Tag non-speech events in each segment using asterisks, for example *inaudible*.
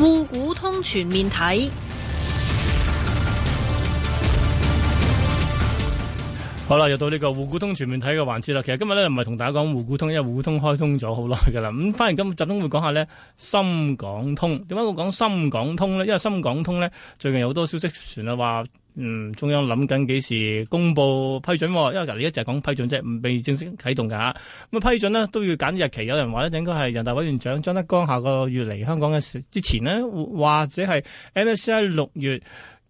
滬股通全面睇。好啦，又到呢個滬股通全面睇嘅環節啦。其實今日咧唔係同大家講滬股通，因為滬股通開通咗好耐噶啦。咁反而今集中會講下呢深港通。點解會講深港通呢？因為深港通呢，最近有好多消息傳啊，話嗯中央諗緊幾時公布批准，哦。因為隔你一直講批准即係，唔未正式啟動噶，啊。咁啊批准呢，都要揀日期。有人話呢，應該係人大委員長張德江下個月嚟香港嘅之前呢，或者係 MSCI 六月，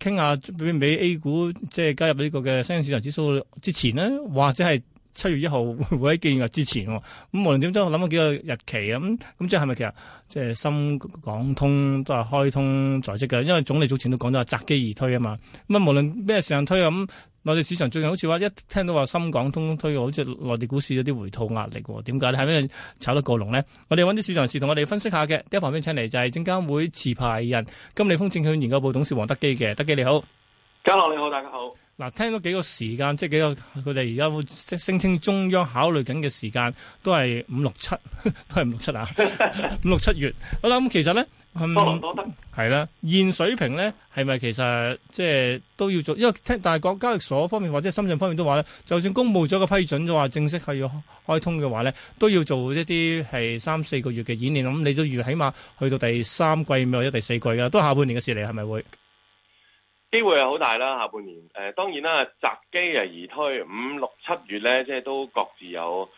傾下俾唔俾 A 股，即係加入呢個嘅新興市場指數之前呢，或者係七月一號會唔會喺建日之前喎。咁無論點都我諗咗幾個日期啊。咁咁即係係咪其實即係深港通都係開通在即嘅？因為總理早前都講咗話擇機而推啊嘛。咁啊，無論咩時間推啊咁。內地市場最近好似話一聽到話深港通推，好似內地股市有啲回吐壓力喎。點解咧？係咪炒得過濃呢？我哋揾啲市場人士同我哋分析下嘅。第一旁邊請嚟就係證監會持牌人金利豐證券研究部董事黃德幾嘅。德幾你好，家樂你好，大家好。嗱，聽到幾個時間，即係幾個佢哋而家聲稱中央考慮緊嘅時間，都係五六七，都係五六七啊，五六七月。 *laughs* 好啦，咁其實呢。能、嗯、多得係啦，現水平咧係咪其實即係都要做？因為聽，但係國家交易所方面或者深圳方面都話咧，就算公佈咗個批准嘅話，正式係要開通嘅話咧，都要做一啲係三四個月嘅演練。咁、嗯、你都預起碼去到第三季或者第四季啦，都下半年嘅事嚟，係咪會？機會係好大啦，下半年。誒、呃，當然啦，擇機係而推，五六七月咧，即係都各自有。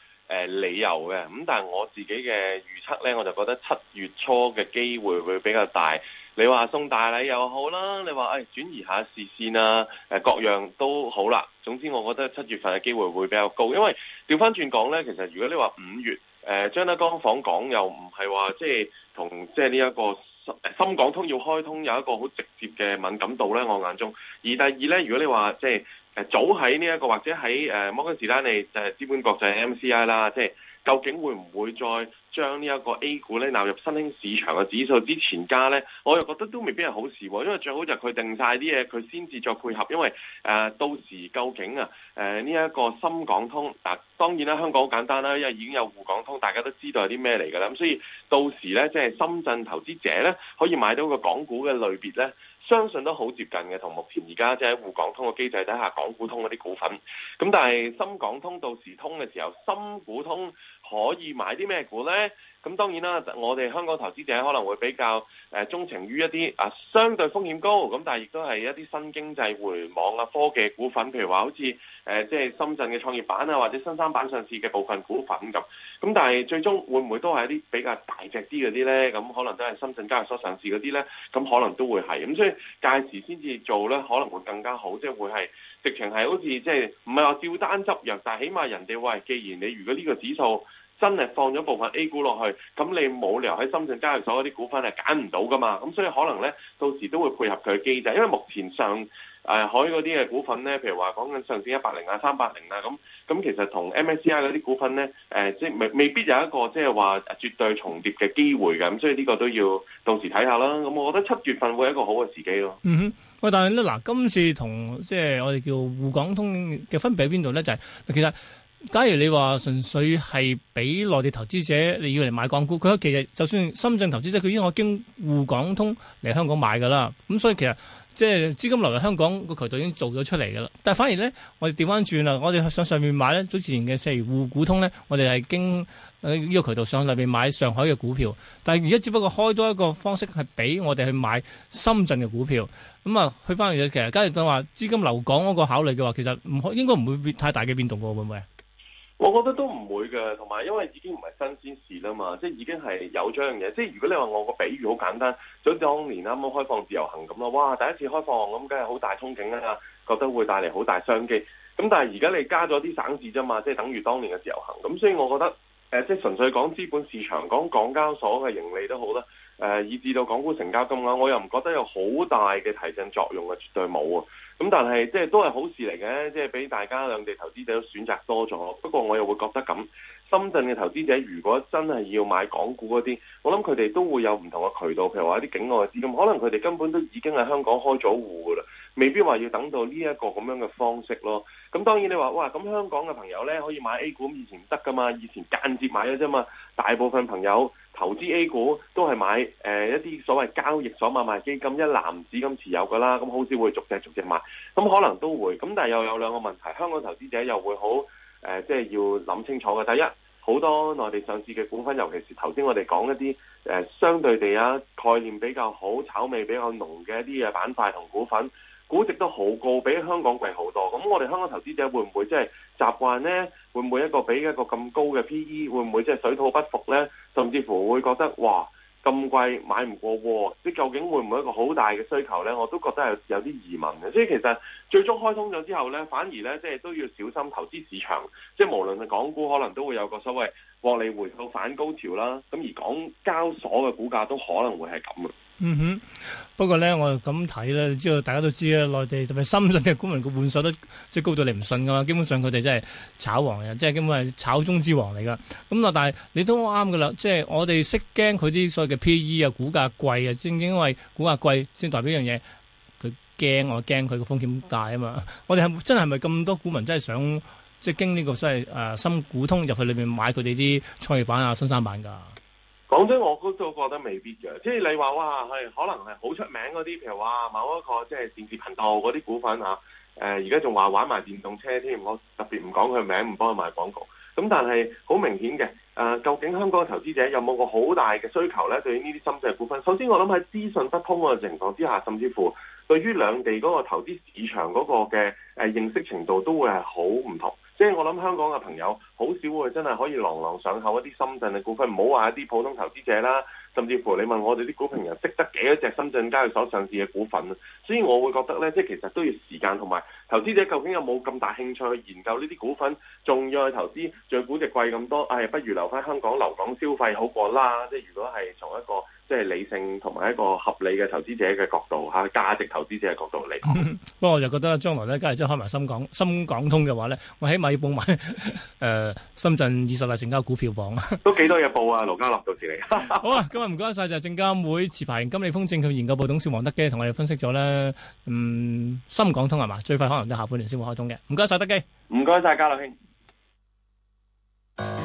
理由嘅咁，但係我自己嘅預測呢，我就覺得七月初嘅機會會比較大。你話送大禮又好啦，你話誒轉移下視線啦、啊，各樣都好啦。總之，我覺得七月份嘅機會會比較高，因為調翻轉講呢，其實如果你話五月誒張德江訪港講又唔係話即係同即係呢一個深，深港通要開通有一個好直接嘅敏感度呢。我眼中。而第二呢，如果你話即係。早喺呢一個或者喺摩根士丹利誒資本國際 MCI 啦，即係究竟會唔會再將呢一個 A 股咧納入新興市場嘅指數之前加咧？我又覺得都未必係好事喎，因為最好就係佢定晒啲嘢，佢先至作配合。因為誒、啊、到時究竟啊呢一、這個深港通嗱、啊，當然啦香港好簡單啦，因為已經有滬港通，大家都知道有啲咩嚟㗎啦。咁所以到時咧，即、就、係、是、深圳投資者咧可以買到個港股嘅類別咧。相信都好接近嘅，同目前而家即係滬港通嘅機制底下，港股通嗰啲股份。咁但係深港通到時通嘅時候，深股通可以買啲咩股咧？咁當然啦，我哋香港投資者可能會比較誒鍾情於一啲啊，相對風險高，咁但係亦都係一啲新經濟、互聯網啊、科技股份，譬如話好似誒，即係深圳嘅創業板啊，或者新三板上市嘅部分股份咁。咁但係最終會唔會都係一啲比較大隻啲嗰啲咧？咁可能都係深圳交易所上市嗰啲咧，咁可能都會係咁，所以屆時先至做咧，可能會更加好，即係會係直情係好似即係唔係話照單執藥，但係起碼人哋喂，既然你如果呢個指數，真係放咗部分 A 股落去，咁你冇理由喺深圳交易所嗰啲股份係揀唔到噶嘛？咁所以可能咧，到時都會配合佢嘅機制，因為目前上海嗰啲嘅股份咧，譬如話講緊上證一百零啊、三百零啊，咁咁其實同 MSCI 嗰啲股份咧、呃，即係未未必有一個即係話絕對重疊嘅機會嘅，咁所以呢個都要到時睇下啦。咁我覺得七月份會係一個好嘅時機咯。嗯哼，喂，但係咧嗱，今次同即係我哋叫滬港通嘅分別喺邊度咧？就係、是、其實假如你話純粹係俾內地投資者，你要嚟買港股，佢其實就算深圳投資者，佢已經可以經滬港通嚟香港買噶啦。咁所以其實即係資金流入香港個渠道已經做咗出嚟噶啦。但係反而咧，我哋調翻轉啦，我哋上上面買咧，早前嘅譬如滬股通咧，我哋係經呢個渠道上上面買上海嘅股票。但係而家只不過開多一個方式係俾我哋去買深圳嘅股票。咁、嗯、啊，去翻嚟其實假如佢話資金流港嗰個考慮嘅話，其實唔應該唔會太大嘅變動喎，會唔會我覺得都唔會嘅，同埋因為已經唔係新鮮事啦嘛，即係已經係有咗樣嘢。即係如果你話我個比喻好簡單，想當年啱啱開放自由行咁咯，哇！第一次開放咁，梗係好大憧憬啦、啊，覺得會帶嚟好大商機。咁但係而家你加咗啲省市啫嘛，即係等於當年嘅自由行。咁所以我覺得。誒，即係純粹講資本市場，講港交所嘅盈利都好啦。誒，以至到港股成交金額，我又唔覺得有好大嘅提振作用啊，絕對冇啊。咁但係，即係都係好事嚟嘅，即係俾大家兩地投資者都選擇多咗。不過，我又會覺得咁。深圳嘅投資者如果真係要買港股嗰啲，我諗佢哋都會有唔同嘅渠道，譬如話一啲境外資金，可能佢哋根本都已經喺香港開咗戶噶啦，未必話要等到呢一個咁樣嘅方式咯。咁當然你話哇，咁香港嘅朋友呢，可以買 A 股，以前唔得噶嘛，以前間接買咗啫嘛。大部分朋友投資 A 股都係買誒、呃、一啲所謂交易所買賣基金，一籃子咁持有噶啦，咁好少會逐隻逐隻買。咁可能都會，咁但係又有兩個問題，香港投資者又會好誒，即、呃、係、就是、要諗清楚嘅。第一好多內地上市嘅股份，尤其是頭先我哋講一啲誒相對地啊概念比較好、炒味比較濃嘅一啲嘅板塊同股份，估值都好高，比香港貴好多。咁我哋香港投資者會唔會即係習慣呢？會唔會一個比一個咁高嘅 PE？會唔會即係水土不服呢？甚至乎會覺得哇！咁貴買唔過喎，即究竟會唔會一個好大嘅需求呢？我都覺得有有啲疑問嘅，即係其實最終開通咗之後呢，反而呢，即係都要小心投資市場，即係無論係港股可能都會有個所謂獲利回吐反高潮啦，咁而港交所嘅股價都可能會係咁。嗯哼，不過咧，我咁睇咧，你知道大家都知啦，內地特別深圳嘅股民個換手都即係高到你唔信噶嘛，基本上佢哋真係炒王嘅，即係根本係炒中之王嚟噶。咁啊，但係你都啱噶啦，即係我哋識驚佢啲所謂嘅 P E 啊，股價貴啊，正正因為股價貴先代表一樣嘢，佢驚我驚佢個風險大啊嘛。我哋係真係咪咁多股民真係想即係經呢個所謂、啊、深股通入去裏面買佢哋啲創業板啊、新三板㗎？講真，我都都覺得未必嘅，即係你話哇，係可能係好出名嗰啲，譬如話某一個即係電視頻道嗰啲股份啊，誒而家仲話玩埋電動車添，我特別唔講佢名，唔幫佢賣廣告。咁但係好明顯嘅，誒、呃、究竟香港嘅投資者有冇個好大嘅需求咧？對於呢啲深圳股份，首先我諗喺資訊不通嘅情況之下，甚至乎對於兩地嗰個投資市場嗰個嘅誒認識程度都會係好唔同。即係我諗香港嘅朋友好少會真係可以朗朗上口一啲深圳嘅股份，唔好話一啲普通投資者啦，甚至乎你問我哋啲股評人識得幾多隻深圳交易所上市嘅股份啊？所以我會覺得呢，即係其實都要時間同埋投資者究竟有冇咁大興趣去研究呢啲股份，仲要去投資，最估值貴咁多，唉、哎，不如留翻香港留港消費好過啦。即係如果係從一個即、就、係、是、理性同埋一個合理嘅投資者嘅角度吓，價值投資者嘅角度嚟。不過、嗯、我就覺得將來呢，梗係真開埋深港深港通嘅話咧，我起碼要報埋誒、呃、深圳二十大成交股票榜。都幾多嘢報啊，盧家樂到時嚟。好啊，今日唔該晒，就係證監會持牌金利豐證券研究部董事黃德幾同我哋分析咗咧。嗯，深港通係嘛，最快可能都下半年先會開通嘅。唔該晒，德幾。唔該晒，家樂兄。呃